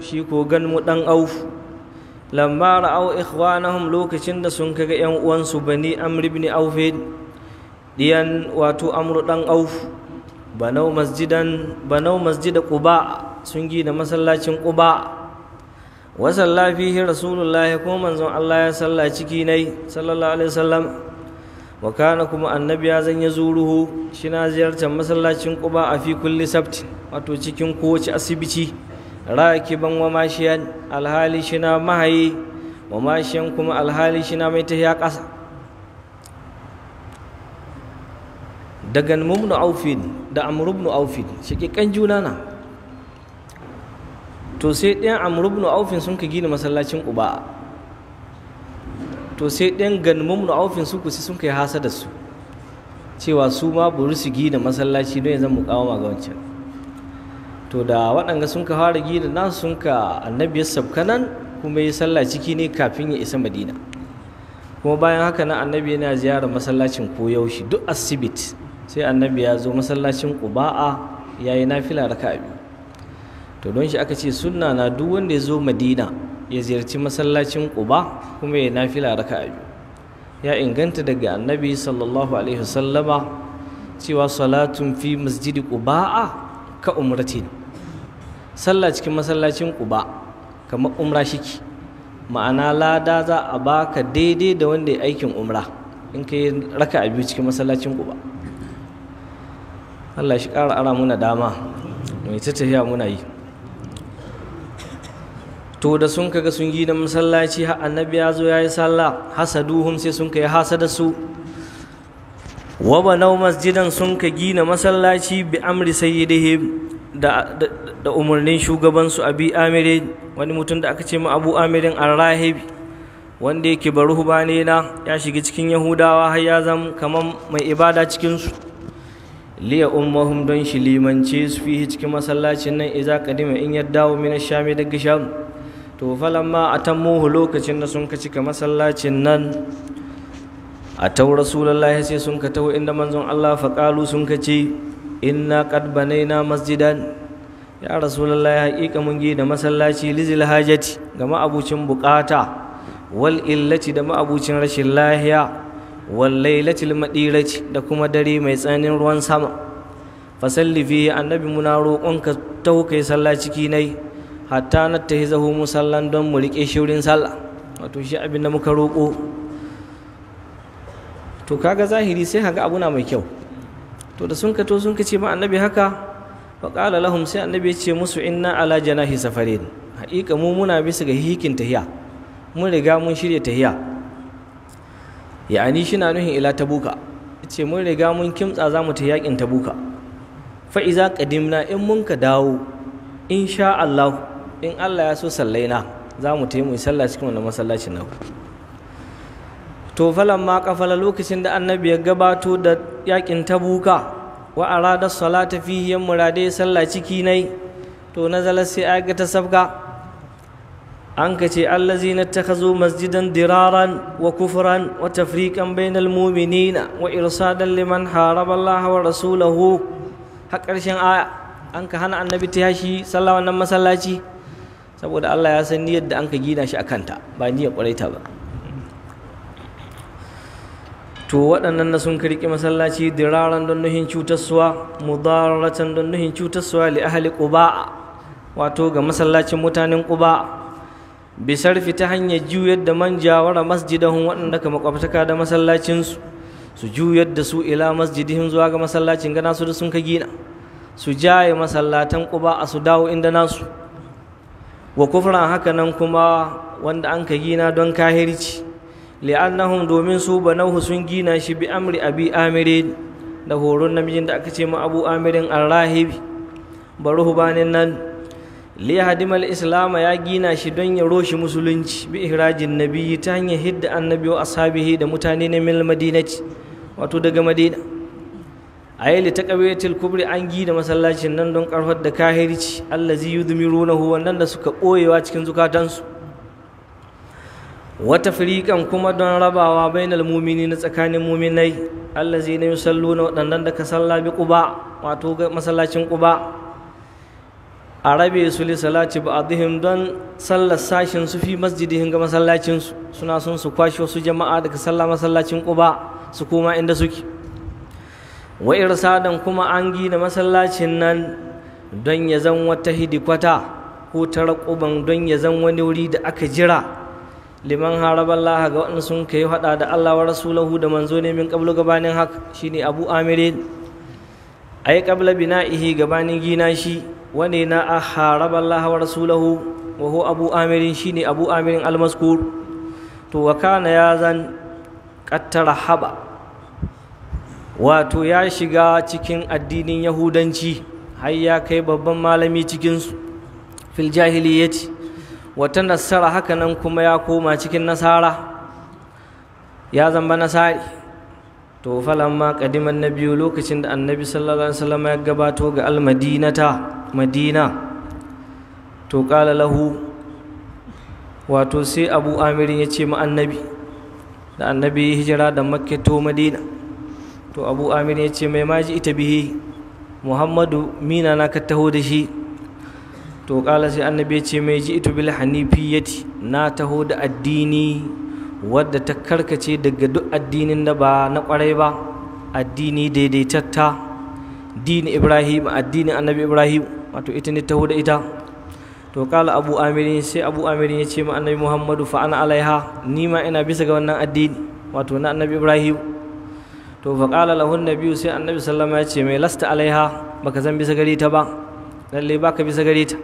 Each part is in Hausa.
shi ko mu ɗan auf lamma ra'au ikhwanahum lokacin da sun kaga yan uwansu bani amr ibn auf diyan wato amru dan auf banau masjidan banau masjida quba sun gina masallacin quba wa salla fihi rasulullah ko manzon Allah ya salla ciki nai sallallahu alaihi wasallam wa kana kuma annabi ya zanya zuruhu shi na ziyartar masallacin quba a fi kulli sabti wato cikin kowace asibiti rakiban wa mashiyan alhali shina mahayi wa mashiyan kuma alhali shina mai tahiya ƙasa daga mumnu aufin da amrubnu aufin shakikan juna na to sai ɗayan amrubnu aufin sun ka gina masallacin uba to sai ɗayan mumnu aufin su kusi sun yi hasa da su cewa su ma buru su gina masallaci don ya zan mukawama ga wancan to da waɗanga sun ka fara gina nasu sun ka annabi sabkanan kuma ya sallah ciki ne kafin ya isa madina kuma bayan haka nan annabi yana ziyarar masallacin koyaushe duk asibit sai annabi ya zo masallacin ƙuba'a ya yi nafila raka biyu to don shi aka ce sunna na duk wanda ya zo madina ya ziyarci masallacin ƙuba kuma ya nafila raka biyu ya inganta daga annabi sallallahu alaihi wasallama cewa salatun fi masjidi ƙuba'a ka umratin sallah cikin masallacin ƙuba kamar umra shiki ma'ana lada za a baka daidai da wanda ya aikin umra in ka yi raka a biyu cikin masallacin ƙuba allah shi ƙara ara muna dama mai ta tafiya muna yi to da sun kaga sun yi na masallaci har annabi ya zo ya yi sallah hasaduhum sai sun kai hasada su wa banau masjidan sun ka gina masallaci bi amri sayyidihim da, umarnin shugabansu abi amire wani mutum da aka ce ma abu amirin arrahibi wanda yake bari hubane na ya shiga cikin yahudawa har ya zama kamar mai ibada cikinsu liya ummahum don shi limance su fi cikin masallacin nan iza kadima in ya dawo min shami daga sham to falamma atammuhu lokacin da sun ka cika masallacin nan a tau rasulullahi sai sun ka taho inda manzon Allah faƙalu sun ka ce inna qad banaina masjidan ya rasulullahi haqiqa mun da masallaci lizil hajati ga ma'abucin bukata wal illati da ma'abucin rashin lahiya wal lailatil madirati da kuma dare mai tsananin ruwan sama fasalli fi annabi muna roƙonka taukai sallaci ciki nai hatta na tahizahu musallan don mu rike shirin sallah wato shi abin da muka roƙo to kaga zahiri sai haga abu na mai kyau to da sun kato sun kace ma annabi haka fa qala lahum sai annabi ya ce musu inna ala janahi safarin haƙiƙa mu muna bisa ga hikin tahiya mun riga mun shirya tahiya ya'ani na nuhin ila tabuka ce mun riga mun kimtsa za mu ta yaƙin tabuka fa iza qadimna in mun ka dawo insha Allah in Allah ya so sallaina za mu ta yi mu sallah cikin wannan masallacin naku to falan ma kafala lokacin da annabi ya gabato da yakin tabuka wa arada salata fihi yan murade sallah ciki nai to nazala sai aga ta safka an ka ce allazina takhazu masjidan diraran wa kufran wa tafriqan bainal mu'minina wa irsadan liman haraba Allah wa rasulahu har karshen aya an ka hana annabi ta yashi sallah wannan masallaci saboda Allah ya san niyyar da an ka gina shi akanta ba niyyar ta ba to waɗannan na sun karki masallaci diraran don nuhin cutarsuwa mudararatan don nuhin cutarsuwa li ahli quba wato ga masallacin mutanen quba bisar ta hanyar juyar da manjawara masjidahun waɗanda ka makwabtaka da masallacinsu su juyar da su ila masjidihin zuwa ga masallacin gana su da sun ka gina su jaye masallatan quba a su dawo inda nasu wa kufran haka nan kuma wanda an ka gina don kahirci li'annahum domin su banahu sun gina shi bi amri abi amirin da horon namijin da aka ce ma abu amirin arrahibi bari hubanin nan lihadimal islam ya gina shi don ya roshi musulunci bi ihrajin nabiyyi ta hanyar hidda annabi wa ashabihi da mutane na mil madinati wato daga madina a yi litakabetil kubri an gina masallacin nan don karfar da kahirci allazi huwa nan da suka ɓoyewa cikin zukatansu wata firikan kuma don rabawa bainal mumini na tsakanin muminai zai na sallu na waɗannan da ka salla ƙuba wato masallacin ƙuba a rabe su li salati ba'dihim don sallar sashin su fi masjidihim ga masallacin suna son su kwashe wasu jama'a daga salla masallacin ƙuba su koma inda suke wa irsadan kuma an gina masallacin nan don ya zan wata hidikwata ko tara ƙuban don ya zan wani wuri da aka jira liman haraballah ga wannan sun kai hada da Allah wa rasulahu da manzo ne min qablu gabanin hak shine Abu Amir ay kabla bina'ihi gabanin gina shi wane na haraballah wa rasulahu wa hu Abu Amir shine Abu Amir al-Maskur to wa kana zan qattara haba wato ya shiga cikin addinin yahudanci har ya kai babban malami cikin su fil jahiliyyati wata nasara hakanan kuma ya koma cikin nasara ya zamba nasari to falamma kadiman na biyu lokacin da annabi sallallahu alaihi wasallam ya gabato ga almadinata madina to kala lahu wato sai abu amir ya ce mu annabi da annabi ya hijira da makka to madina to abu amir ya ce mai maji ita bihi muhammadu mina na ka taho da shi to kala sai annabi ce mai ji ito bil hanifiyati na taho da addini wadda ta karkace daga duk addinin da ba na kwarai ba addini daidaitatta dini ibrahim addinin annabi ibrahim wato ita ne taho da ita to kala abu amirin sai abu amirin ya ce ma annabi muhammadu fa ana alaiha ni ma ina bisa ga wannan addini wato na annabi ibrahim to fa kala lahun nabiyu sai annabi sallama ya ce mai lasta alaiha baka zan bisa gare ta ba lalle baka bisa gare ta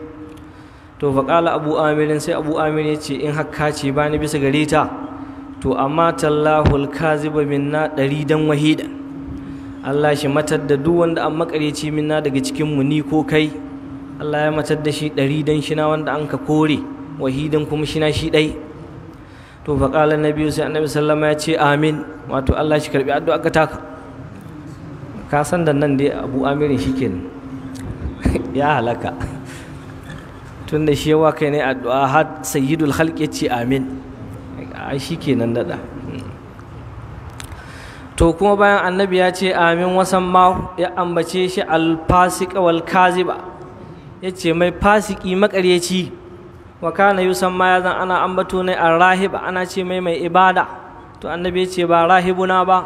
to faƙala abu amirin sai abu amir ya ce in hakka ce ba ni bisa gare ta to amma tallahu alkaziba minna ɗari dan wahida Allah shi matar da duk wanda an makareci minna daga cikin mu ni ko kai Allah ya matar da shi ɗari dan shina wanda an ka kore wahidan kuma shina shi ɗai to faƙala na biyu sai annabi sallama ya ce amin wato Allah shi karɓi addu'a ka taka ka san da nan dai abu amirin shi ya halaka tun da shi yawa kai ne addu'a har sayyidul khalq ya ce amin ai shi kenan dada to kuma bayan annabi ya ce amin wasan ma ya ambace shi fasiq wal kaziba ya ce mai fasiki makaryaci wa kana yusan ma ya zan ana ambato ne a rahiba ana ce mai mai ibada to annabi ya ce ba rahibuna ba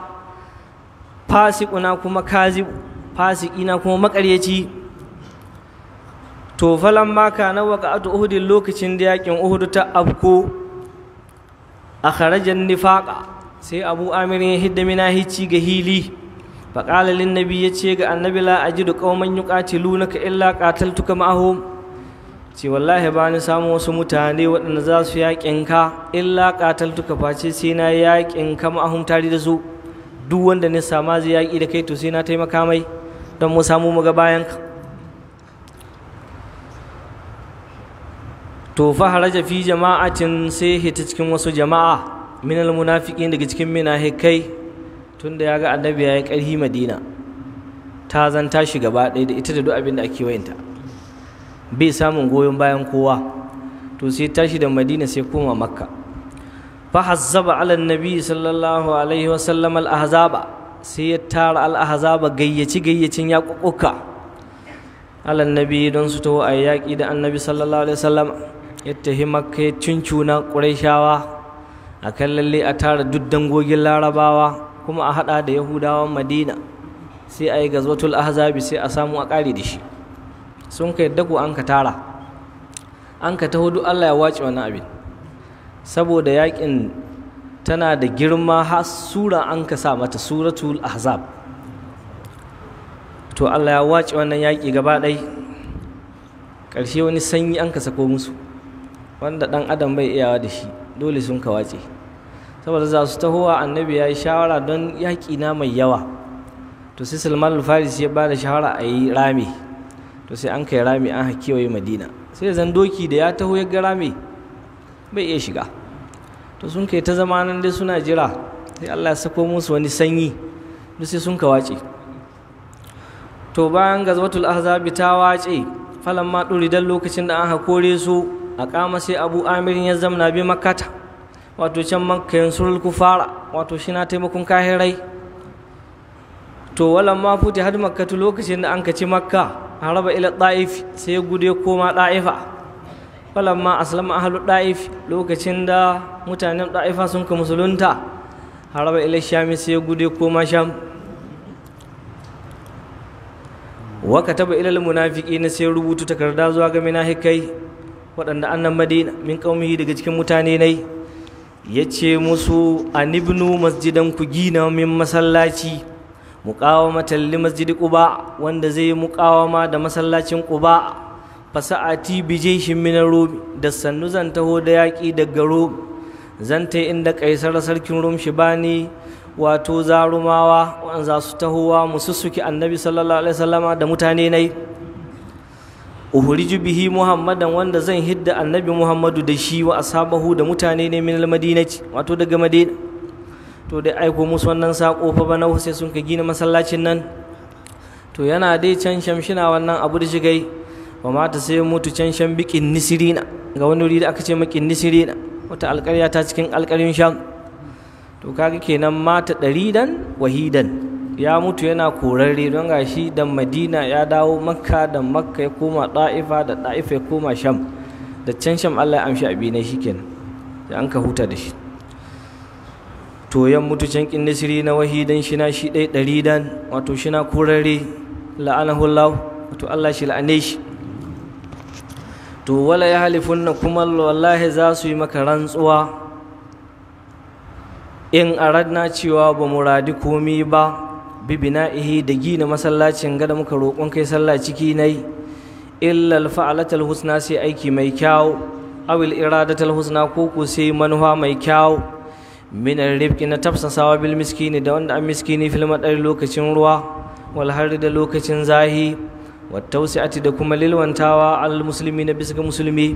fasikuna kuma kazibu fasiki na kuma makaryaci to falan maka na waƙa'atu uhudin lokacin da yakin uhudu ta afko a kharajan nifaka sai abu amir ya hidda mina hici ga hili faƙala linnabi ya ce ga annabi la da jidu ƙauman ka illa ƙataltuka ma'ahum ce wallahi ba ni samun wasu mutane waɗanda za su yaƙin ka illa ƙataltuka face sai na yaƙin ka ma'ahum tare da su duk wanda ni sama zai yaƙi da kai to sai na taimaka mai don mu samu mu ga bayan ka to fa haraja fi jama'atin sai hita cikin wasu jama'a al munafiqin daga cikin munafikai tunda ya ga annabi ya yi karhi madina ta zan tashi gaba ɗaya da ita da duk abin da ake wayanta bai samun goyon bayan kowa to sai tashi da madina sai koma makka fa hazzaba ala nabi sallallahu alaihi wa sallam al ahzaba sai ya tara al ahzaba gayyaci gayyacin yaƙuƙuka ala nabi don su taho a yaƙi da annabi sallallahu alaihi wa sallam ya tafi makka ya cincuna ƙurayshawa a kan lalle a tara duk dangogin larabawa kuma a haɗa da yahudawan madina sai a yi gazwatul ahzabi sai a samu a da shi sun kai dago an ka tara an ka taho duk allah ya wace wani abin saboda yakin tana da girma har sura an ka sa mata suratul ahzab to allah ya wace wannan yaƙi gaba ɗai ƙarshe wani sanyi an ka sako musu wanda ɗan adam bai iyawa da shi dole sun kawace saboda za su tahowa annabi ya yi shawara don yaƙi na mai yawa to sai salman alfaris ya ba shawara a yi rami to sai an kai rami an kewaye madina sai zan doki da ya taho ya ga rami bai iya shiga to sun kai ta zama nan dai suna jira sai allah ya sako musu wani sanyi duk sai sun kawace to bayan gazwatul ahzabi ta wace falan ma ɗuri dan lokacin da an hakore su a kama sai abu amirin ya zamna bi makata wato can makka surul kufara wato shi na taimakon kahirai to walan ma fute had makkatu lokacin da an kaci makka raba ila da'if sai gude koma da'ifa wala ma aslama ahlu da'if lokacin da mutanen da'ifa sun ka musulunta raba ila shami sai gude koma sham wa kataba ila almunafiqina sai rubutu takarda zuwa ga hikai waɗanda annan madina min ƙaumihi daga cikin mutane ne ya ce musu a nibnu masjidan ku gina min masallaci muƙawamatan matalli masjidi ƙuba wanda zai muƙawama da masallacin ƙuba fasa'ati bi jayshin min rumi da sannu zan taho da yaƙi daga rumi zan ta inda kaisar sarkin rum bani wato zarumawa wanda za su tahowa musu suke annabi sallallahu alaihi wasallama da mutane nai uhuriju bihi muhammadan wanda zan hidda annabi muhammadu da shi wa asabahu da mutane ne min almadinati wato daga madina to dai aiko musu wannan sako fa bana sai sun ka gina masallacin nan to yana dai can shamshina wannan abu da shigai wa mata sai mutu can sham bikin nisirina ga wani wuri da aka ce makin nisirina wata alƙarya ta cikin alƙarin sham to kaga kenan mata ɗari dan wahidan ya mutu yana korarre don gashi da madina ya dawo makka da makka ya koma ta'ifa da ta'ifa ya koma sham da can sham allah ya amshi abi na shi kenan da an ka huta da shi to yan mutu can kin nasiri na wahidan shi na shi dai ɗari dan wato shi na korarre allah wato allah shi la'ane shi to wala ya halifun na kuma wallahi za su yi maka rantsuwa in aradna cewa ba muradi komi ba bibina'ihi da gina masallacin gada muka roƙon kai sallah ciki nai illal fa'alatal husna sai aiki mai kyau awil iradatal husna ko ku sai manufa mai kyau min rifqi na tafsasawa bil miskini da wanda an miskini fil madari lokacin ruwa wal harri da lokacin zahi wa tawsi'ati da kuma lilwantawa al muslimi na bisa musulmi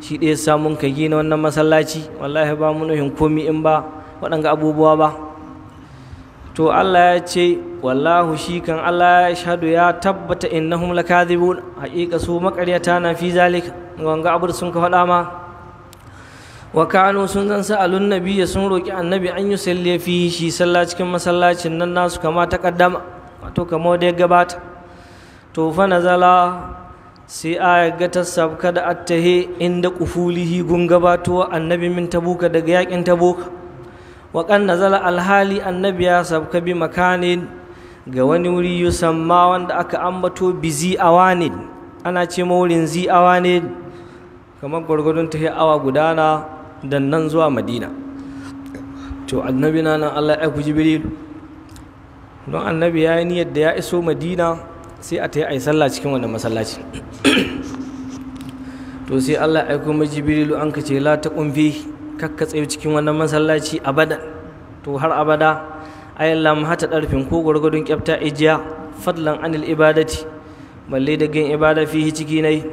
shi ɗaya samun ka gina wannan masallaci wallahi ba mu nuhin komi in ba waɗanga abubuwa ba to Allah ya ce wallahu shi kan Allah ya shahadu ya tabbata innahum lakadhibun haƙiƙa su makaryata na fi zalik wanga abu sun ka faɗa ma wa kanu sun zan sa'alun nabiyya sun roƙi annabi an yusalli fi shi sallah cikin masallacin nan nasu kama ta kaddama wato kama da ya gabata to fa nazala sai aya ga ta sabka da attahe inda kufulihi gun gabatowa annabi min tabuka daga yakin tabuka Waƙan kan nazala alhali annabi ya sabka bi makanin ga wani wuri yusamma wanda aka ambato bi zi awanid ana ce ma wurin zi awanid kamar gwargwadon ta awa gudana dan nan zuwa madina to annabi na nan Allah ya ku jibrilu don annabi ya yi niyyar da ya iso madina sai a ta yi a yi sallah cikin wannan masallaci to sai Allah ya aiko majibrilu an ka ce la ta kumfi kakka tsaye cikin wannan masallaci abadan to har abada ay Allah mu hata darfin ko gwargwadon kyafta ijiya fadlan anil ibadati balle da gin ibada fihi ciki nai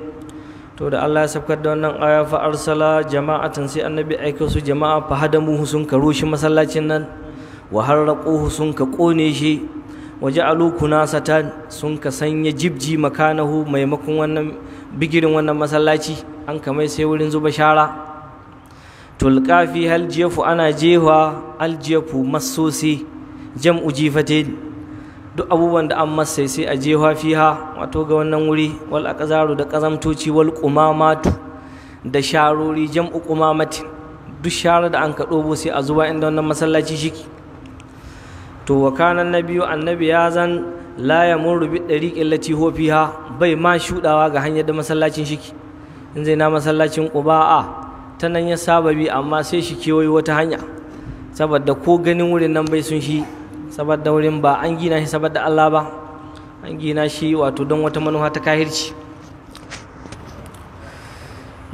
to da Allah ya sabkar da wannan aya fa arsala jama'atan sai annabi aika su jama'a fa hadamu sun ka rushe masallacin nan wa harraquhu sun ka kone shi ja'alu kunasatan sun ka sanya jibji makanahu maimakon wannan bigirin wannan masallaci an kamai sai wurin zuba shara Tulkafi hal jefu ana jewa al jefu masosi jam'u jifatin duk abubuwan da an masai sai a jewa fiha wato ga wannan wuri wal aqzaru da kazamtoci wal qumamatu da sharori jam'u qumamati duk sharar da an ka dobo sai a zuba inda wannan masallaci shiki to wa kana annabiyu annabi ya zan la yamurru bi dariqil lati huwa fiha bai ma shudawa ga hanyar da masallacin shiki in zai na masallacin quba'a ta nan ya saba bi amma sai shi kewaye wata hanya saboda ko ganin wurin nan bai sun shi saboda wurin ba an gina shi saboda Allah ba an gina shi wato don wata manufa ta kahirci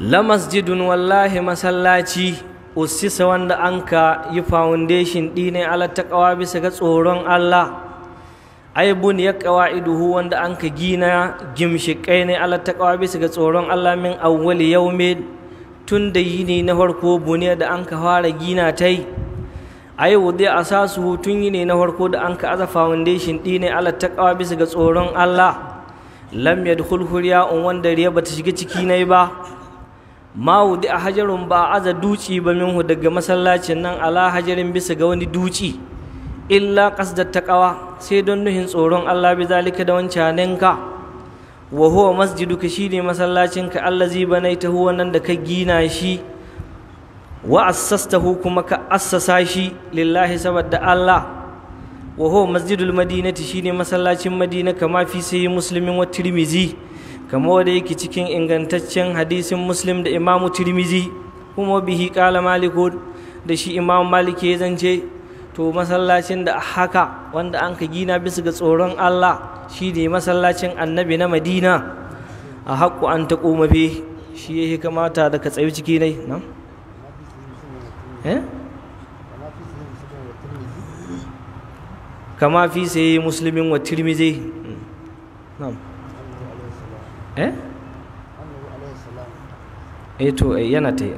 la masjidun wallahi masallaci usisa wanda an ka yi foundation dinai ala taqwa bisa ga tsoron Allah aibun ya iduhu wanda an ka gina kai ne ala taqwa bisa ga tsoron Allah min awwali yaumin tun da yi ne na farko bune da an ka fara gina ta yi a yau dai a sasu tun yini na farko da an ka aza foundation ɗi ne ala kawa bisa ga tsoron Allah lam yadkhul huriya'un wanda riya ta shiga ciki nai ba ma dai a hajarun ba aza duci ba hu daga masallacin nan ala hajarin bisa ga wani duci illa ta kawa sai don nuhin tsoron Allah bi zalika da wancaninka wa huwa masjiduka shine masallacinka allazi huwa nan da ka gina shi wa assastahu kuma ka assasa shi lillahi saboda Allah wa huwa masjidul madinati shine masallacin madina kama fi sai muslimin wa tirmizi kama wanda yake cikin ingantaccen hadisin muslim da imamu tirmizi kuma bihi qala malikun da shi imamu maliki ya zance to masallacin da haka wanda an ka gina bisa ga tsoron Allah shi ne masallacin annabi na madina a haƙƙo an ta ƙomabe shi ya kamata da ka tsayi ciki nai nan eh? kama fi sai musulmin wa tirmizi eh? eh to eh, yana ta yi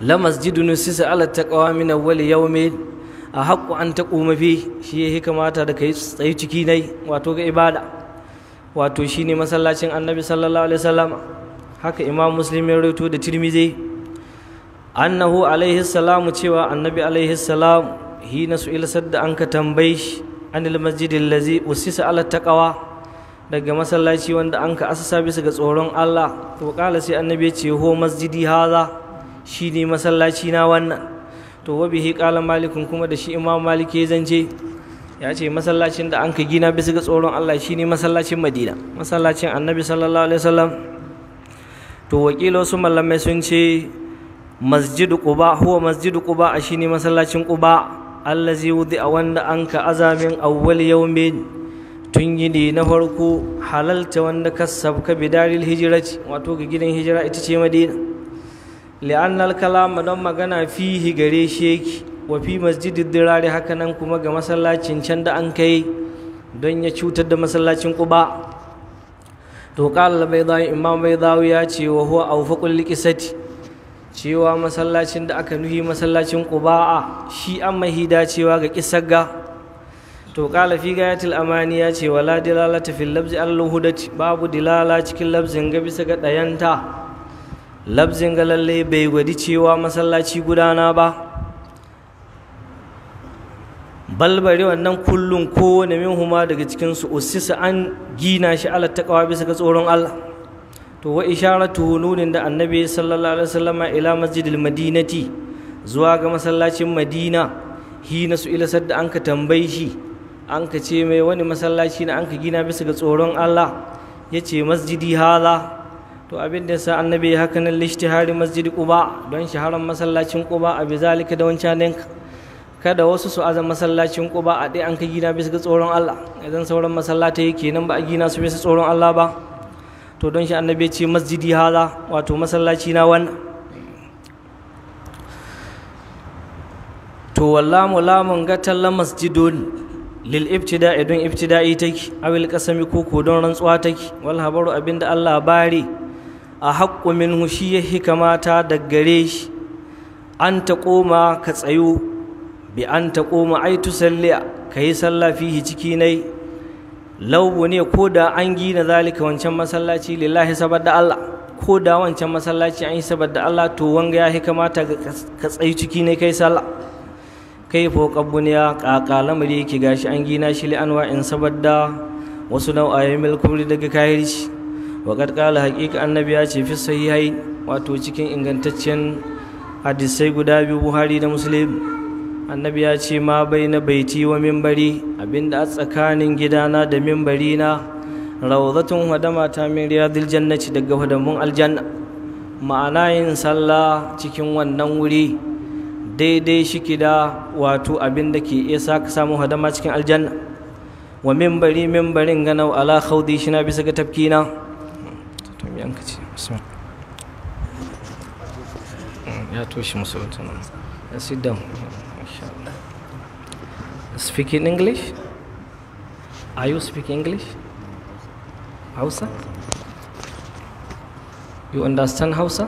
la masjidun sisa ala taqwa min awwal yawmin a haƙƙo an ta ƙomafi shi ya kamata da ka yi tsaye ciki nai wato ga ibada wato shi ne masallacin annabi sallallahu alaihi wasallama haka imam muslim ya rawaito da tirmizi annahu alaihi salamu cewa annabi alaihi salam na su ilasar da an ka tambayi shi anil masjidin lazi usisa ala taqawa daga masallaci wanda an ka asasa bisa ga tsoron Allah to kala sai annabi ya ce ho masjidi haza shi ne masallaci na wannan to wa bihi qala malikun kuma da shi imam maliki ya zance ya ce masallacin da an ka gina bisa ga tsoron Allah shine masallacin Madina masallacin Annabi sallallahu alaihi wasallam to wakilo su mallamai sun ce masjidu quba huwa masjidu quba shine masallacin quba allazi wudi a wanda an ka azamin awwal yawmin tun gini na farko halalta wanda ka sabka bidaril hijirati wato ga gidan hijira ita ce Madina li'annal kalama don magana fihi gare shi yake wa fi masjidid dirari haka nan kuma ga masallacin can da an kai don ya cutar da masallacin quba to qala al-baydawi imam baydawi ya ce wa huwa awfaqul liqisati cewa masallacin da aka nuhi masallacin quba'a shi an mahida cewa ga ga. to qala fi gayatil amani ya ce wala dilalata fil labzi al-hudati babu dilala cikin labzin ga bisa ga dayanta labzin ga lalle bai gwadi cewa masallaci gudana ba balbare wannan kullum kowane min huma daga cikinsu usisa an gina shi ala taqwa bisa ga tsoron Allah to wa isharatu nunin da annabi sallallahu alaihi wasallama ila masjidil madinati zuwa ga masallacin madina hina su ila sadda anka tambayi shi anka ce mai wani masallaci na anka gina bisa ga tsoron Allah yace masjidi hala to abin da sa annabi haka nan lishtihari masjid quba don shaharar masallacin quba a zalika da wancan kada wasu su azan masallacin quba a dai an ka gina bisa ga tsoron Allah idan sauran masallata yake nan ba a gina su bisa tsoron Allah ba to don shi annabi ce masjidi haza wato masallaci na wannan to wallamu lamun gatalla masjidun lil ibtida'i don ibtida'i take awil kasami ko ko don rantsuwa take wal habaru abinda Allah bari a haƙƙo minhu shi ya hikamata da gare shi an ta koma ka tsayo bi an ta koma ai tu salli ka yi sallah fihi ciki nai laubu ne ko da an gina zalika wancan masallaci lillahi da Allah ko da wancan masallaci an yi da Allah to wanga ya hikamata ka tsayi ciki ne kai sallah kai fo kabbuniya kaka lamari yake gashi an gina shi li anwa in da wasu nau'ayen milkuri daga shi. wa kad qala haqiqa annabi ya ce fi sahihai wato cikin ingantaccen hadisai guda biyu Buhari da Muslim annabi ya ce ma bai na baiti wa mimbari abinda a tsakanin gidana da mimbari na rawzatun hadama ta min riyadil jannati daga hadamun aljanna ma'ana yin sallah cikin wannan wuri daidai shike da wato abinda ke iya sa ka samu hadama cikin aljanna wa mimbari mimbarin ganau ala khawdi shi na bisa ga tafkina to me an kace ya toshe musu wata nan sit down inshallah english are you speaking english hausa you understand hausa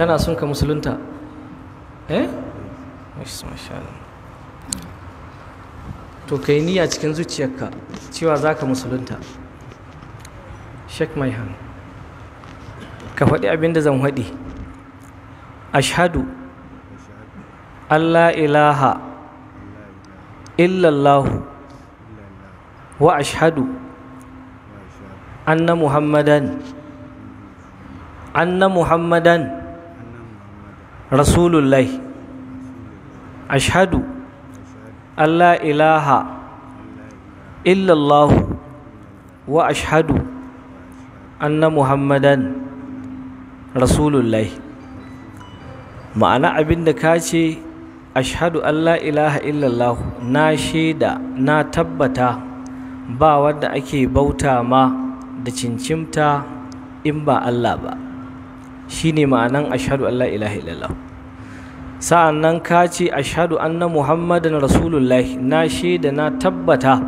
kana son ka musulunta eh mashallah to kai yi niyya cikin zuciyarka cewa za ka musulunta shek mai han ka faɗi abinda zan faɗi ashadu allah ilaha illallahu wa ashadu anna muhammadan anna muhammadan rasulullahi ashadu allah ilaha illallahu wa ashadu anna muhammadan rasulullahi ma'ana abin da ka ce ashhadu Allah ilaha illallah na shaida na tabbata ba wanda ake bauta ma da cincimta in ba Allah ba shine ma'anan ashhadu Allah ilaha illallah sa'an nan ka ce ashhadu anna muhammadan rasulullahi na shaida na tabbata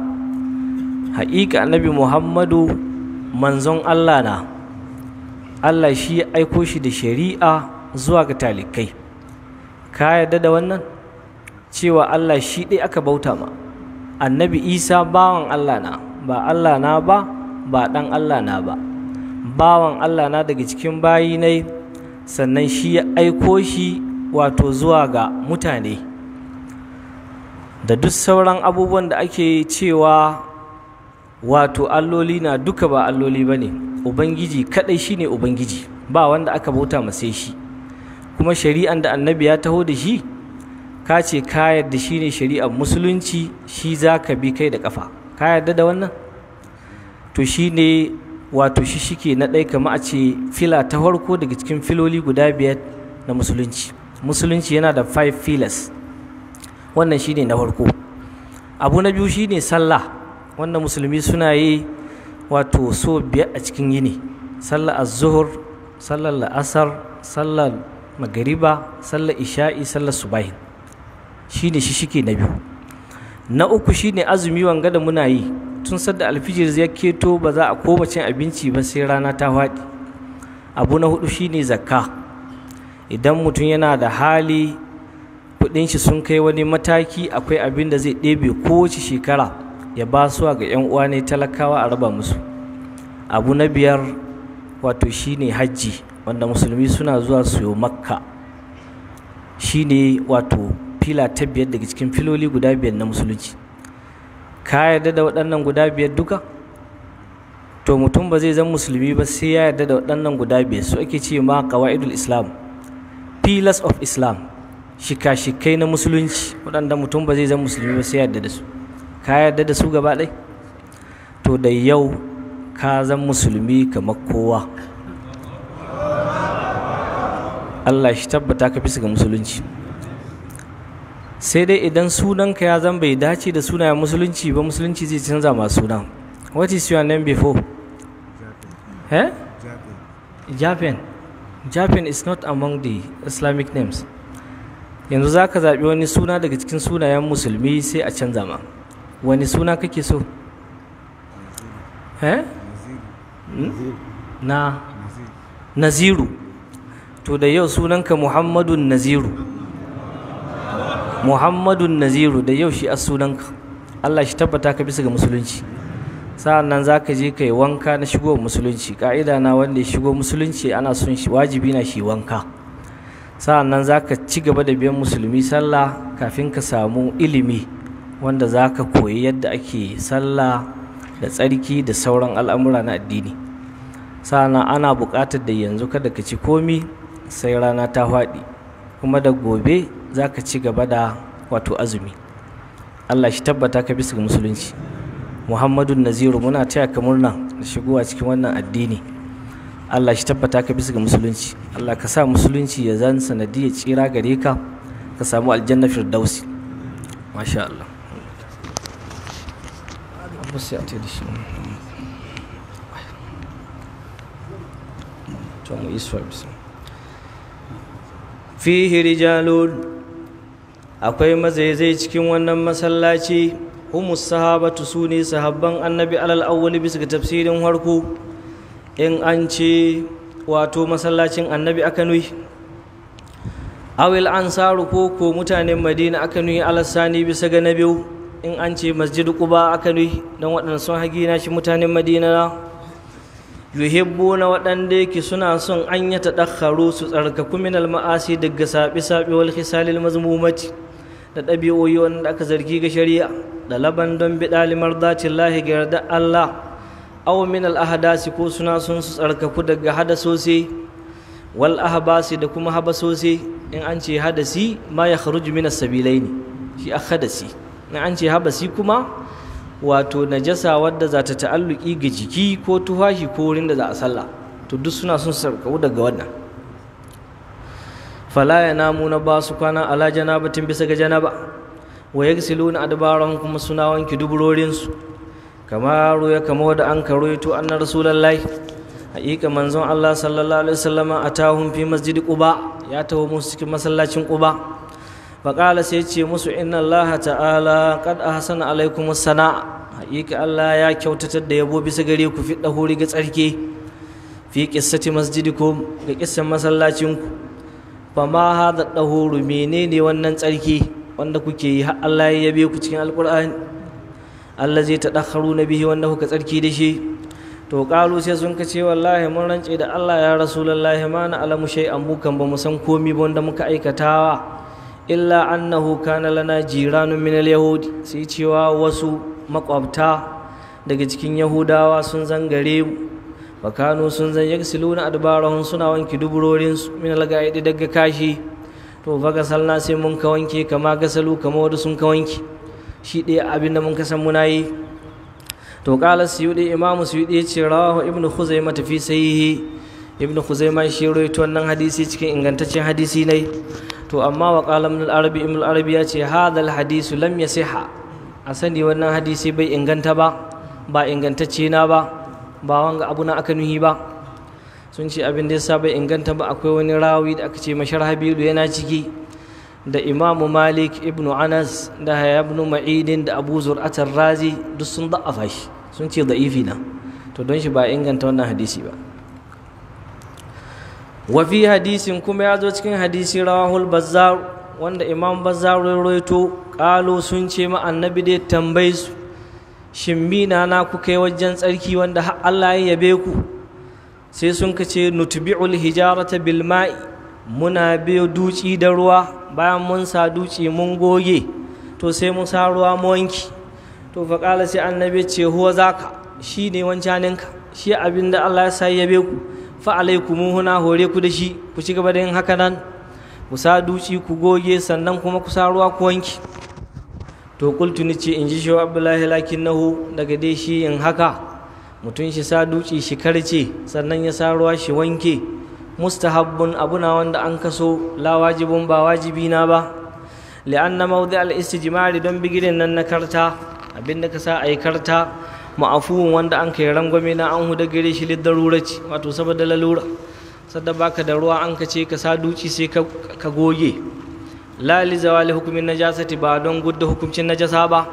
haƙiƙa annabi muhammadu manzon Allah na Allah shi ya aiko shi da shari'a zuwa ga talikai ka yarda da wannan cewa Allah shi ɗai aka bauta ma annabi isa bawan Allah na ba Allah na ba ba ɗan Allah na ba bawan Allah na daga cikin bayi ne sannan shi ya aiko shi wato zuwa ga mutane da duk sauran abubuwan da ake cewa wato alloli na duka ba alloli ba ne ubangiji kaɗai shine ubangiji ba wanda aka bauta ma sai shi kuma shari'an da annabi ya taho da shi ka ce ka yarda shi ne shari'ar musulunci shi za ka bi kai da kafa. ka yarda da wannan to shi ne wato shi shike na ɗaya kama a ce fila ta farko daga cikin filoli guda biyar na musulunci musulunci yana da five filas wannan shi ne na farko abu na biyu shi ne sallah wanda musulmi suna yi wato so biyar a cikin yini sallar azuhur sallar la'asar sallar magariba sallar isha'i sallar subahin shi ne shi shike na biyu na uku shi ne azumi wanga da muna yi tun sadda alfijir ya keto ba za a koma cin abinci ba sai rana ta faɗi abu na hudu shi ne zakka idan mutum yana da hali kudin shi sun kai wani mataki akwai abin da zai ɗebe kowace shekara ya ba su ga 'yan uwa ne talakawa a raba musu abu na biyar wato shine hajji wanda musulmi suna zuwa su yi makka shine wato fila ta biyar daga cikin filoli guda biyar na musulunci ka yarda da waɗannan guda biyar duka to mutum ba zai zan musulmi ba sai ya yarda da waɗannan guda biyar su ake ce ma qawaidul islam pillars of islam shika-shikai na musulunci waɗanda mutum ba zai zan musulmi ba sai ya yarda da su ka yarda da su gaba ɗai to da yau ka zan musulmi kamar kowa Allah shi tabbata ka bisa ga musulunci sai dai idan sunanka ya zan bai dace da sunayen musulunci ba musulunci zai canza ma sunan what is your name before eh japan japan is not among the islamic names yanzu za ka zaɓi wani suna daga cikin sunayen musulmi sai a canza ma wani suna kake so eh na naziru to da yau sunanka muhammadun naziru muhammadun naziru da yau shi as sunanka allah shi tabbata ka bisa ga musulunci sa'an nan za ka je ka yi wanka na shigo musulunci ka'ida na wanda ya shigo musulunci ana son shi wajibi na shi wanka sa'an nan za ka ci gaba da biyan musulmi sallah kafin ka samu ilimi wanda za ka koyi yadda ake sallah da tsarki da sauran al'amura na addini sana ana buƙatar da yanzu kada ka ci komi sai rana ta faɗi kuma da gobe za ka ci gaba da wato azumi allah shi tabbata ka bisa musulunci muhammadu naziru muna taya ka murna da shigowa cikin wannan addini allah shi tabbata ka bisa ga musulunci allah ka sa musulunci ya zan sanadiyar tsira gare ka ka samu aljanna firdausi masha allah Você sai a cima. da fihi rijalun akwai mazaizai cikin wannan masallaci humus sahabatu su ne sahabban annabi alal awwali bisa ga tafsirin harko in an ce wato masallacin annabi aka nuyi awil ansaru ko ko mutanen madina aka nuyi alasani bisa ga na biyu in an ce masjidu quba aka nuhi don waɗanda sun hagi na shi mutanen madina yuhibbu na waɗanda yake suna son an ya taɗakharu su tsarkaku min ma'asi daga saɓi-saɓi wal hisalil mazmumati da ɗabi'oyi wanda aka zargi ga shari'a da laban don biɗa limar dacin lahi ga yarda Allah aw min al ahdasi ko suna son su tsarkaku daga hadasosi wal ahbasi da kuma habasosi in an ce hadasi ma ya kharuju min as-sabilaini shi a hadasi in an ce habasi kuma wato najasa wadda za ta ta'alluki ga jiki ko tufashi ko wurin da za a sallah to duk suna sun sarkau daga wannan Falaya na namu ba su kwana ala janabatin bisa ga janaba wa a adabaran kuma suna wanke duburorinsu kama ya kama wadda an na rasu lallai. haƙiƙa manzon Allah sallallahu alaihi wasallama atahum fi masjid quba ya taho musu cikin masallacin quba faƙala sai ce musu inna Allah ta'ala kad ahsana alaikum sana haƙiƙa Allah ya kyautatar da yabo bisa gare ku fi dahuri riga tsarki fi qissati masjidikum ga qissan masallacin ku fa ma hadha dahuru menene wannan tsarki wanda kuke yi har Allah ya yabe ku cikin alqur'ani allazi tadakharuna bihi wanda kuka tsarki da shi to ƙalu sai sun ka ce wallahi mun rance da Allah ya rasulullahi ma na alamu shay'an mu kan ba mu san komi ba wanda muka aikatawa illa annahu kana lana jiranu min al-yahudi sai cewa wasu makwabta daga cikin yahudawa sun zangare mu wa kanu sun zan yaksiluna adbarahum suna wanki duburorin su min al-ga'idi daga kashi to faga salna sai mun ka wanke kama gasalu kama wadu sun ka wanke shi ɗaya abin da mun ka san muna yi to qala suyudi imamu suyudi ya ce rawahu ibnu khuzaimah fi sahihi ibn khuzaima shi rawaito wannan hadisi cikin ingantaccen hadisi ne to amma wa qala ibn al-arabi ibn al-arabi ya ce hadal hadisu lam yasiha a sani wannan hadisi bai inganta ba ba ingantacce na ba ba wanga abu na aka nuhi ba sun ce abin da yasa bai inganta ba akwai wani rawi da aka ce masharhabilu yana ciki da imam malik ibn anas da haya ibn ma'idin da abu zur'atar razi duk sun da'afa shi sun ce da'ifi na to don shi ba inganta wannan hadisi ba Wafi hadisin kuma ya zo cikin hadisi rawahul bazzar wanda imam bazzar ya roito ƙalo sun ce ma annabi dai tambaye su shimmina na kuka yi wajen tsarki wanda har Allah ya yabe ku sai sun ka ce nutbi'ul hijarata bil ma'i muna biyo duci da ruwa bayan mun sa duci mun goge to sai mun sa ruwa mu wanki to fa kala sai annabi ce huwa zaka shi ne wancaninka shi abin da Allah ya sa yabe ku fa huna hore ku da shi ku ci gaba da yin haka nan ku sa duci ku goge sannan kuma ku sa ruwa ku wanki to qultu ni ce in ji shi abdullahi lakinnahu daga dai shi in haka mutum shi sa duci shi karce sannan ya sa ruwa shi wanke mustahabbun abuna wanda an kaso la wajibun ba wajibi na ba li'anna mawdi al-istijmari don bigirin nan na karta abinda ka sa ai karta ma'afuwun wanda an kai rangwame na an huda gare shi liddarura ce wato saboda lalura sadda baka da ruwa an ka ce ka sa duci sai ka goge la zawali hukumin najasati ba don gudda hukuncin najasa ba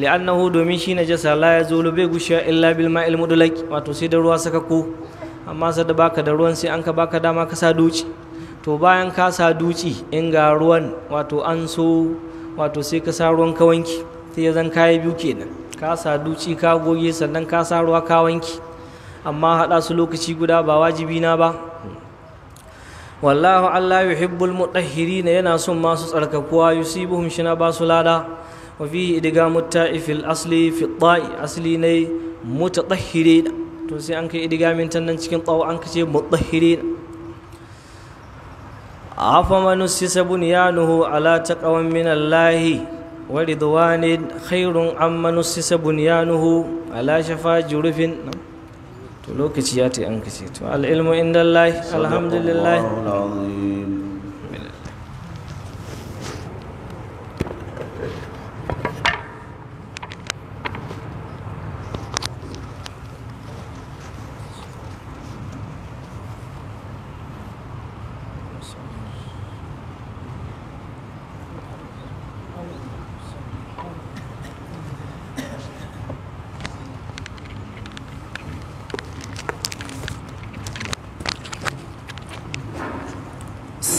li'annahu domin shi najasa la zo bai gushiya illa bil ma'il mudulaki wato sai da ruwa saka ko amma sadda baka da ruwan sai an ka baka dama ka sa duci to bayan ka sa duci in ga ruwan wato an so wato sai ka sa ruwan ka wanki sai ya zan kayi biyu kenan ka sa duci ka goge sannan ka sa ruwa ka wanki amma haɗa su lokaci guda ba wajibi na ba wallahu allah yuhibbul mutahhirina yana son masu tsarkakuwa yusibuhum shina ba su lada wa fihi idgamu ta'ifil asli fi ta'i asli ne mutatahhirina to sai an kai idgamin tan nan cikin tawo an kace mutahhirina afa man sisa ala taqwan min allahi ورضوان خير عما نسس بنيانه على شفا جرف to lokaci ya ta yi an kace to al'ilmu inda Allah alhamdulillah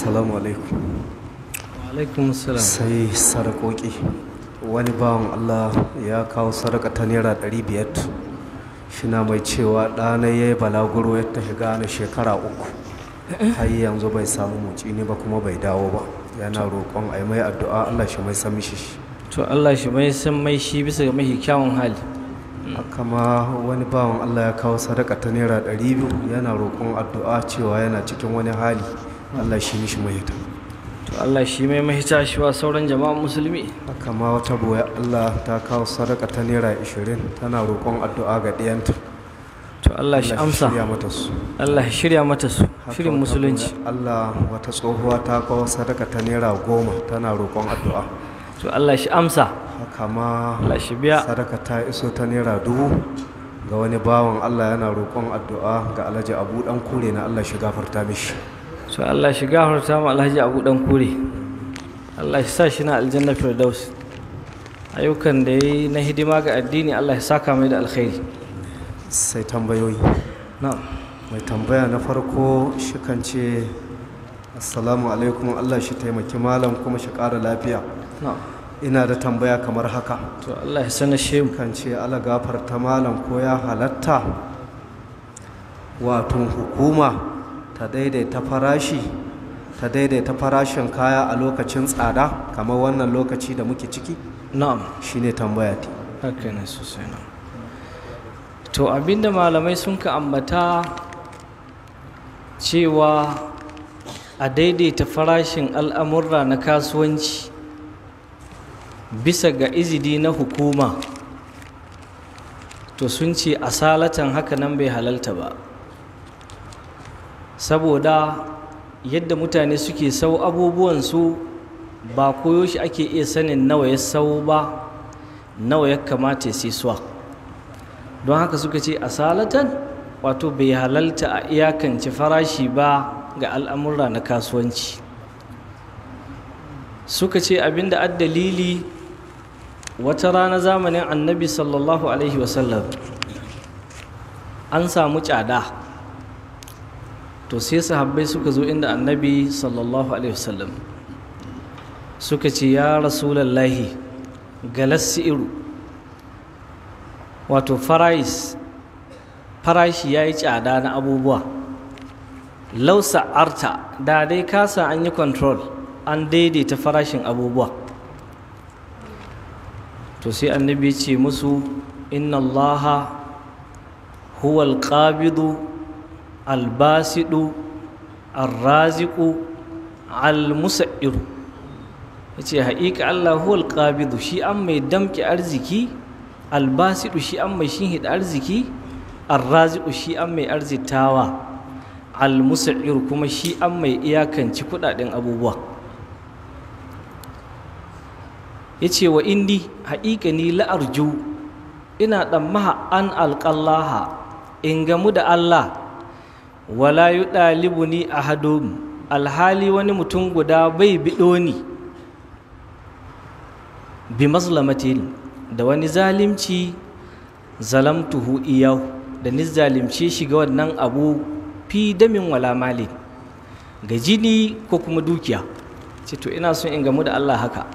assalamu alaikum alaikum assalam sai sarakoki wani bawan allah ya kawo sadaka ta naira 500 biyar shina mai cewa ɗana ya yi balaguro ya ta shiga na shekara uku har yanzu bai samu muci ne ba kuma bai dawo ba yana roƙon a mai addu'a allah shi mai sami shi to allah shi mai san mai shi bisa ga mai kyawun hali kama wani bawan allah ya kawo sadaka ta naira 200 biyu yana roƙon addu'a cewa yana cikin wani hali Allah shi mishi mahita to Allah shi mai mai mahita shi wa sauran jama'an musulmi haka ma wata boya Allah ta kawo sadaka ta naira 20 tana roƙon addu'a ga ɗiyanta to Allah shi amsa Allah shi shirya mata su shirin musulunci Allah wata tsohuwa ta kawo sadaka ta naira goma tana roƙon addu'a to Allah shi amsa haka ma Allah shi biya sadaka ta iso ta naira dubu ga wani bawan Allah yana roƙon addu'a ga Alhaji Abu dan kure na Allah shi gafarta mishi to Allah shi gafarta mu Alhaji Abu dan kure Allah shi sa shi na aljanna firdaus ayyukan da yayi na hidima ga addini Allah ya saka mai da alkhairi sai tambayoyi na'am mai tambaya na farko shi kan ce assalamu alaikum Allah shi taimaki malam kuma shi ƙara lafiya na'am ina da tambaya kamar haka to Allah ya sanar shi kan ce ala gafarta malam ko ya halatta wato hukuma ta daidaita farashi ta daidaita farashin kaya a lokacin tsada kamar wannan lokaci da muke ciki na'am Shi ne tambaya ta haka ne sosai na to abinda malamai sun ka ambata cewa a daidaita farashin al'amurra na kasuwanci bisa ga izidi na hukuma to sun ce asalatan haka nan bai halalta ba saboda yadda mutane suke sau abubuwansu ba koyo shi ake iya sanin nawa ya sau ba nawa ya kamata sai suwa don haka suka ce asalatan wato bai halalta a iyakance farashi ba ga al'amurra na kasuwanci suka ce abinda addalili wata rana zamanin annabi sallallahu alaihi wasallam an samu tsada to sai sahabbai suka zo inda annabi sallallahu alaihi wasallam suka ce ya rasulallahi galas iru wato farashi ya yi tsada na abubuwa lausa arta da dai kasa an yi control an daidaita farashin abubuwa to sai annabi ce musu inna allaha huwal qabidu albasidu arraziku almusa'iru ya ce haƙiƙa Allah huwal qabidu shi an mai damki arziki Albasiɗu shi an mai hida arziki arraziku shi an mai arzitawa almusa'iru kuma shi an mai iyakanci kudaden abubuwa ya ce wa indi haƙiƙa ni la'arju ina ɗan maha an alƙallaha in gamu da Allah wala yi ni a hadomu alhali wani mutum guda bai biɗo ni bi mazlamatin da wani zalimci zalamtuhu iyau da ni zalimce shi wannan abu fi damin wala malin ga jini ko kuma dukiya ce to ina son in gamu da Allah haka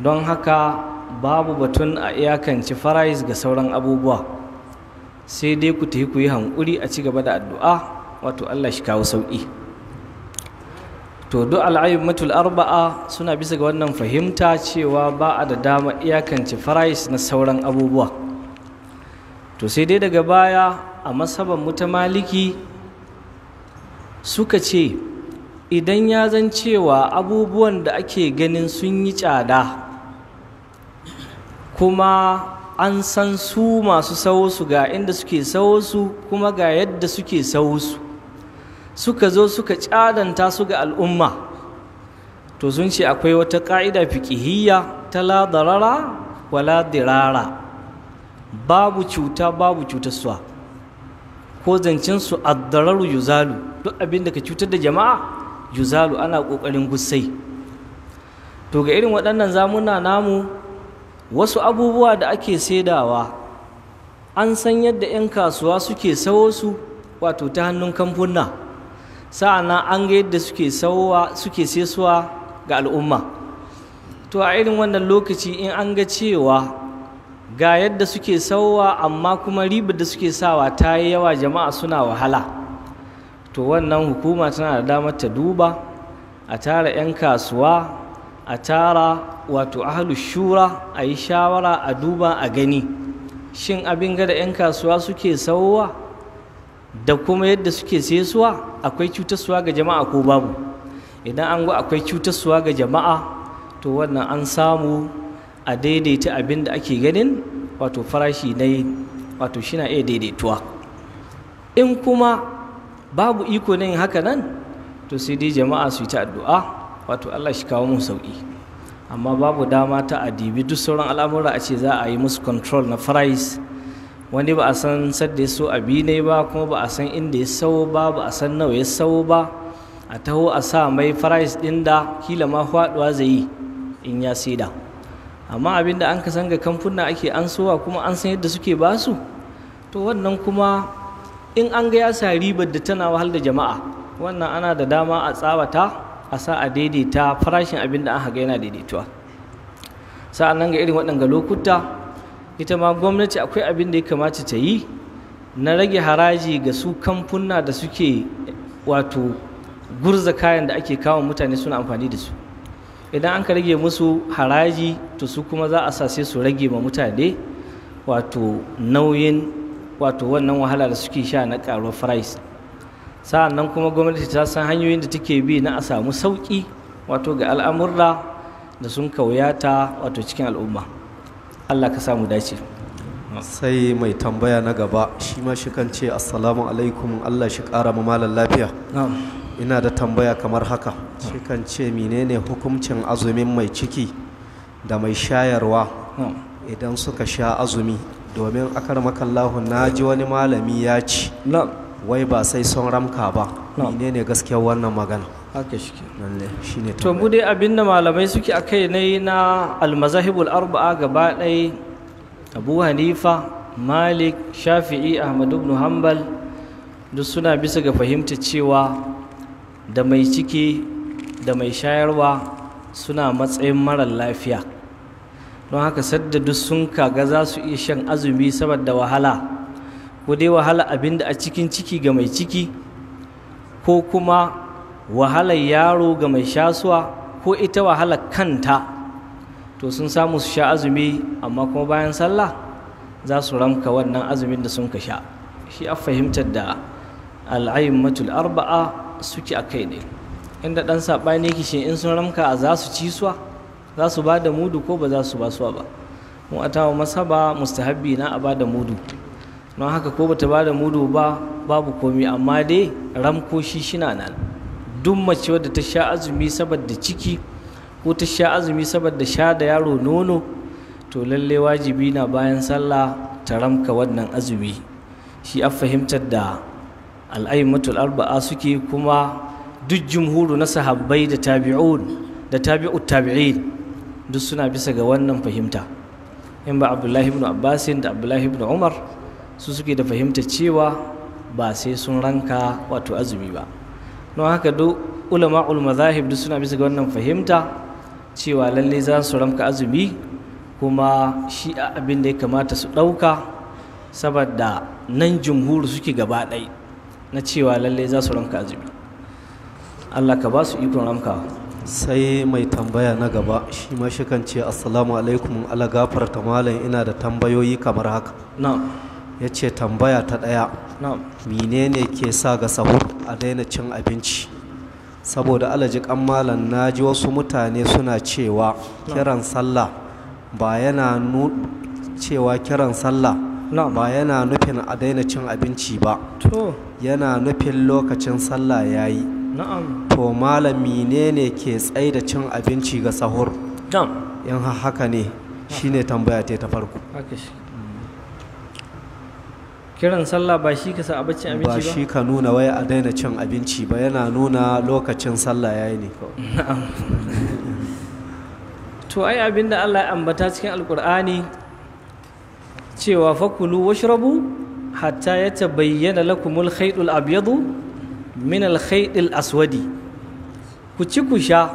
don haka babu batun a iyakance farais ga sauran abubuwa sai dai ku tafi ku yi hankuri a ci gaba da addu'a wato Allah shi kawo sauƙi. to duk matul arba'a suna bisa ga wannan fahimta cewa ba a da dama iyakance farais na sauran abubuwa to sai dai daga baya a masaban mu ta maliki suka ce idan ya zan cewa abubuwan da ake ganin sun yi tsada kuma an san su masu sawo su ga inda suke sawo su kuma ga yadda suke sawo su suka zo suka cadanta su ga al'umma to sun ce akwai wata ƙa'ida fiƙihiya ta la darara wala dirara babu cuta babu cutarsuwa ko su addararu yuzalu duk abin da ka cutar da jama'a yuzalu ana ƙoƙarin gussai to ga irin waɗannan zamuna namu wasu abubuwa da ake saidawa an san yadda 'yan kasuwa suke sawo su wato ta hannun kamfuna sa'ana an ga yadda suke sawowa suke ga al'umma to a irin wannan lokaci in an ga cewa ga yadda suke sawowa amma kuma ribar da suke sawa ta yi yawa jama'a suna wahala to wannan hukuma tana da damar ta duba a tara 'yan kasuwa a tara wato ahalu shura a yi shawara a duba a gani shin abin gada 'yan kasuwa suke sauwa da kuma yadda suke sesuwa akwai cutarsuwa ga jama'a ko babu idan an ga akwai cutarsuwa ga jama'a to wannan an samu a daidaita abin da ake ganin wato farashi na yi wato shi na iya daidaituwa in kuma babu iko na yin haka nan to sai dai jama'a su yi ta addu'a wato Allah shi kawo mu sauki amma babu dama ta adibi duk sauran al'amura a ce za a yi musu control na price wani ba a san sadda ya so abi ne ba kuma ba a san inda ya sau ba ba a san nawa ya sau ba a taho a sa mai price ɗin da kila ma faduwa zai yi in ya saida amma abin da an ka san ga kamfuna ake an sowa kuma an san yadda suke basu to wannan kuma in an ga ya sa ribar da tana wahal da jama'a wannan ana da dama a tsawata a sa a daidaita farashin abin da aka ga yana daidaituwa nan ga irin waɗanga lokuta ita ma gwamnati akwai abin da ya kamata ta yi na rage haraji ga su kamfuna da suke wato gurza kayan da ake kawo mutane suna amfani da su idan an ka rage musu haraji to su kuma za a sa sai su rage ma mutane wato nauyin wato wannan wahala da suke sha na karuwar price sa'an nan kuma gwamnati ta san hanyoyin da take bi na a samu sauƙi wato ga al'amurra da sun kauyata wato cikin al'umma allah ka samu dace sai mai tambaya na gaba shi ma shi kan ce assalamu alaikum allah shi ƙara ma malam lafiya ina da tambaya kamar haka shi kan ce menene hukuncin azumin mai ciki da mai shayarwa idan suka sha azumi domin akar makallahu na ji wani malami ya ci wai ba sai son ramka ba ne ne gaskiyar wannan magana haka shi ne to mu dai da malamai suke a kai na almazahibul arba'a gaba ɗaya abu hanifa malik shafi'i ahmadu ibn hanbal duk suna bisa ga fahimta cewa da mai ciki da mai shayarwa suna matsayin marar lafiya don haka sadda duk sun kaga za su iya shan azumi saboda wahala ko dai wahala abin da a cikin ciki ga mai ciki ko kuma wahalar yaro ga mai shasuwa ko ita wahalar kanta to sun samu su sha azumi amma kuma bayan sallah za su ramka wannan azumin da sun ka sha shi a fahimtar da al'ayyimatul arba'a suke a kai ne inda ɗan saɓani ki shi in sun ramka a za su ci suwa za su ba da mudu ko ba za su ba suwa ba mu a tawa masaba mustahabbi na a ba da mudu don haka ko bata ba da mudu ba babu komi amma dai ramko shi shina nan duk mace wadda ta sha azumi saboda ciki ko ta sha azumi saboda sha da yaro nono to lalle wajibi na bayan sallah ta ramka wannan azumi shi a fahimtar da al'aimatul arba'a suke kuma duk jumhuru na sahabbai da tabi'un da tabi'ut tabi'in duk suna bisa ga wannan fahimta in ba abdullahi ibn abbasin da abdullahi ibn umar su suke da fahimta cewa ba sai sun ranka wato azumi ba don haka duk ulama ulmazahib duk suna bisa ga wannan fahimta cewa lalle za su ranka azumi kuma shi abin da ya kamata su ɗauka saboda nan jumhur suke gaba ɗai na cewa lalle za su ranka azumi allah ka ba su ikon ranka sai mai tambaya na gaba shi ma shi kan ce assalamu alaikum ala gafarta malam ina da tambayoyi kamar haka ya ce tambaya ta ɗaya menene ke sa ga sahur a daina cin abinci saboda alaji malam na ji wasu mutane suna cewa kiran sallah ba yana cewa kiran sallah ba yana nufin a daina cin abinci ba yana nufin lokacin sallah ya yi to malami ne ne ke tsaye da cin abinci ga sahur in haka ne shine tambaya ta farko kiran sallah ba shi ka sa abinci abinci ba shi ka nuna waya a daina cin abinci ba yana nuna lokacin sallah yayi ne to ai abinda Allah ya ambata cikin alkur'ani cewa fakulu washrabu hatta yatabayyana lakumul khaydul abyadu min al aswadi ku ci ku sha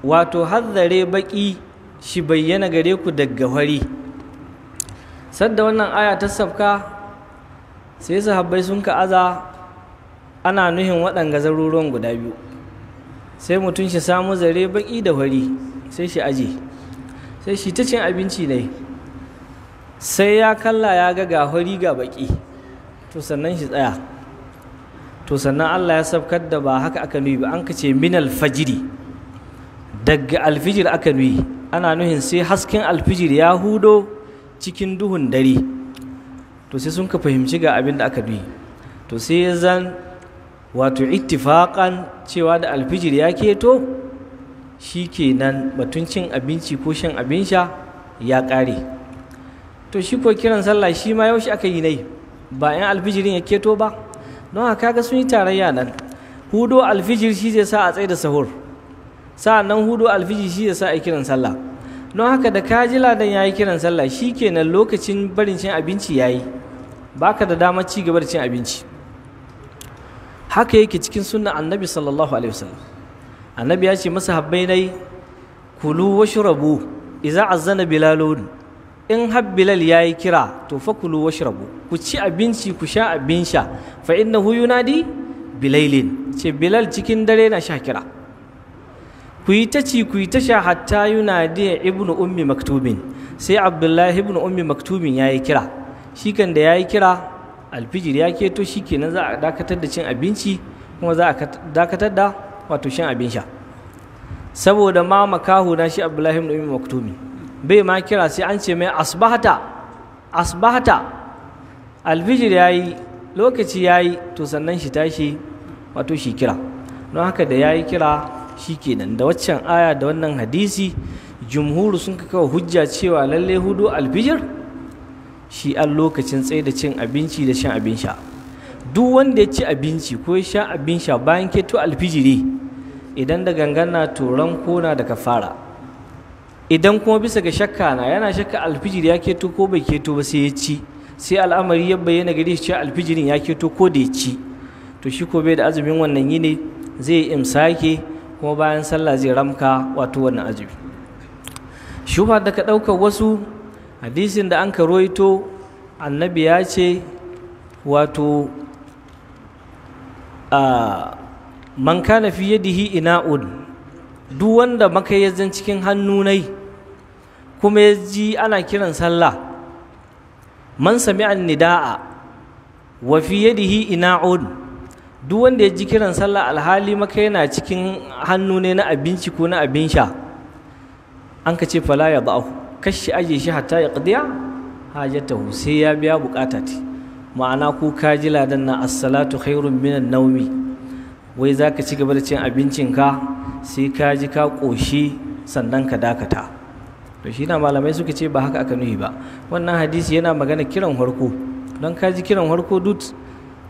wato hazzare baki shi bayyana gare ku daga wari sadda wannan aya ta safka. sai su sahabbai sun ka aza ana nuhin waɗanga zaruruwan guda biyu sai mutum shi samu zare baƙi da wari sai shi aje sai shi ta cin abinci ne sai ya kalla ya ga ga wari ga baƙi to sannan shi tsaya to sannan allah ya sabkar da ba haka aka nuyi ba an ka ce min alfajiri daga alfijir aka nuyi ana nuhin sai hasken alfijir ya hudo cikin duhun dare to sai sun ka fahimci ga abin da aka bi to sai ya zan wato ittifaƙan cewa da alfijir ya keto shi batun cin abinci ko shan abin sha ya kare to shi ko kiran sallah shi ma yaushe aka yi nai ba 'yan alfijirin ya keto ba don haka ga sun yi tarayya nan hudo alfijir shi zai sa a tsaye da sahur nan hudo alfijir shi zai sa a kiran sallah don haka da ka ji ya yi kiran sallah shi kenan lokacin barin cin abinci ya yi baka da dama ci gaba da cin abinci haka yake cikin sunna annabi sallallahu alaihi wasallam annabi ya ce masa habbai nai kulu washrabu idza azzana bilalun in habbilal yayi kira to fa kulu washrabu ku ci abinci ku sha abin sha fa innahu yunadi bilailin ce bilal cikin dare na sha kira ku yi ta ci ku yi ta sha hatta yunadi ibnu ummi maktubin sai abdullahi ibnu ummi maktubin yayi kira shi kan da ya yi kira alfijir ya keto shi kenan za a dakatar da cin abinci kuma za a dakatar da wato shan abin sha saboda ma makahu na shi abdullahi ibn ummi maktumi bai ma kira sai an ce mai asbahata asbahata alfijir ya yi lokaci ya yi to sannan shi tashi wato shi kira don haka da ya yi kira shi kenan da waccan aya da wannan hadisi jumhuru sun kawo hujja cewa lallai hudu alfijir shi an lokacin tsaye da cin abinci da shan abin sha duk wanda ya ci abinci ko ya sha abin sha bayan keto alfijiri idan da gangana turan kona da fara. idan kuma bisa ga shakka na yana shakka alfijiri ya keto ko bai keto ba sai ya ci sai al'amari ya bayyana gare shi cewa alfijirin ya keto ko da ya ci to shi ko bai da azumin wannan yi ne zai imsake kuma bayan sallah zai ramka wato wannan azumi Shuka da ka ɗaukar wasu hadisin da anka Roito annabi ya ce wato a man kana fi yadihi ina'un duk wanda maka ya zan cikin hannunai kuma ya ji ana kiran sallah man sami an nida'a wa fi yadihi ina'un duk wanda ya ji kiran sallah alhali maka yana cikin hannu ne na abinci ko na abin sha an ka ce fala ya ba'ahu kashi aje shi hatta ya qadiya hajatahu sai ya biya bukata ce ma'ana ku ka ji ladan na as-salatu khairun minan naumi wai zaka ci gaba da cin abincinka sai ka ji ka koshi sannan ka dakata to shi na malamai suka ce ba haka aka nuhi ba wannan hadisi yana magana kiran harko don ka ji kiran harko dut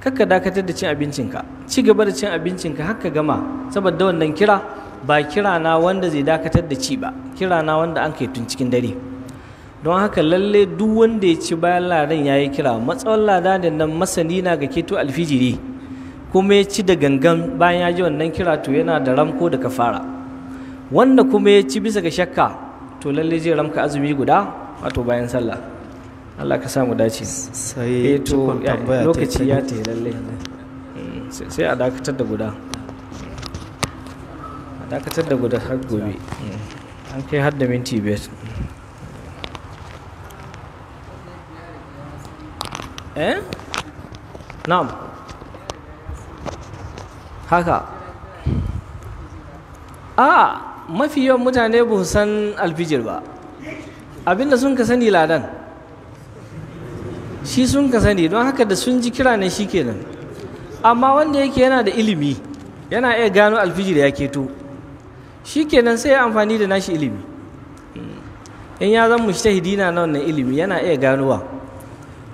kakka dakatar da cin abincinka ci gaba da cin abincinka har ka gama saboda wannan kira ba kirana wanda zai dakatar da ci ba kirana wanda an kai tun cikin dare don haka lalle duk wanda ya ci bayan ladan ya yi kira matsawar da nan masani na ga keto alfijiri kuma ya ci da gangan bayan ya ji wannan kira to yana da ramko da kafara wanda kuma ya ci bisa ga shakka to lalle zai ramka azumi guda wato bayan sallah Allah ka samu dace sai eh to lokaci ya ta lalle hmm, sai a dakatar da guda dakatar da guda har gobe an kai har da minti biyar eh nam haka a mafi yawan mutane ba san alfijir ba abinda sun ka sani ladan shi sun ka sani don haka da sun ji kira ne shi kenan amma wanda yake yana da ilimi yana iya gano alfijir ya keto shi kenan sai ya amfani da nashi ilimi in ya zan mushtahidi na nan ilimi yana iya ganowa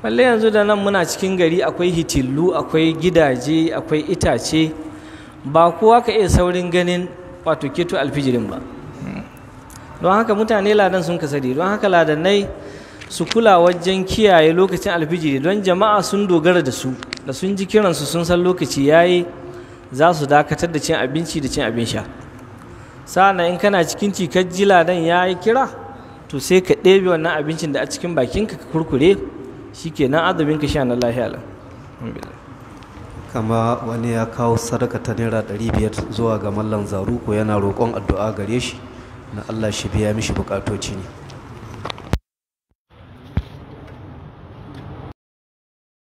balle yanzu da nan muna cikin gari akwai hitilu, akwai gidaje akwai itace ba kowa ka iya saurin ganin wato keto alfijirin ba don haka mutane ladan sun kasari don haka ladanai su kula wajen kiyaye lokacin alfijiri don jama'a sun dogara da su da sun ji kiransu sun san lokaci yayi za su dakatar da cin abinci da cin abin sha sa'an in kana cikin cikar jila dan ya yi kira to sai ka ɗebe wannan abincin da a cikin bakinka ka kurkure shi ke nan azumin ka sha na lahiya kama wani ya kawo sadaka ta naira ɗari biyar zuwa ga mallan zaru ko yana roƙon addu'a gare shi na allah shi biya mishi buƙatoci ne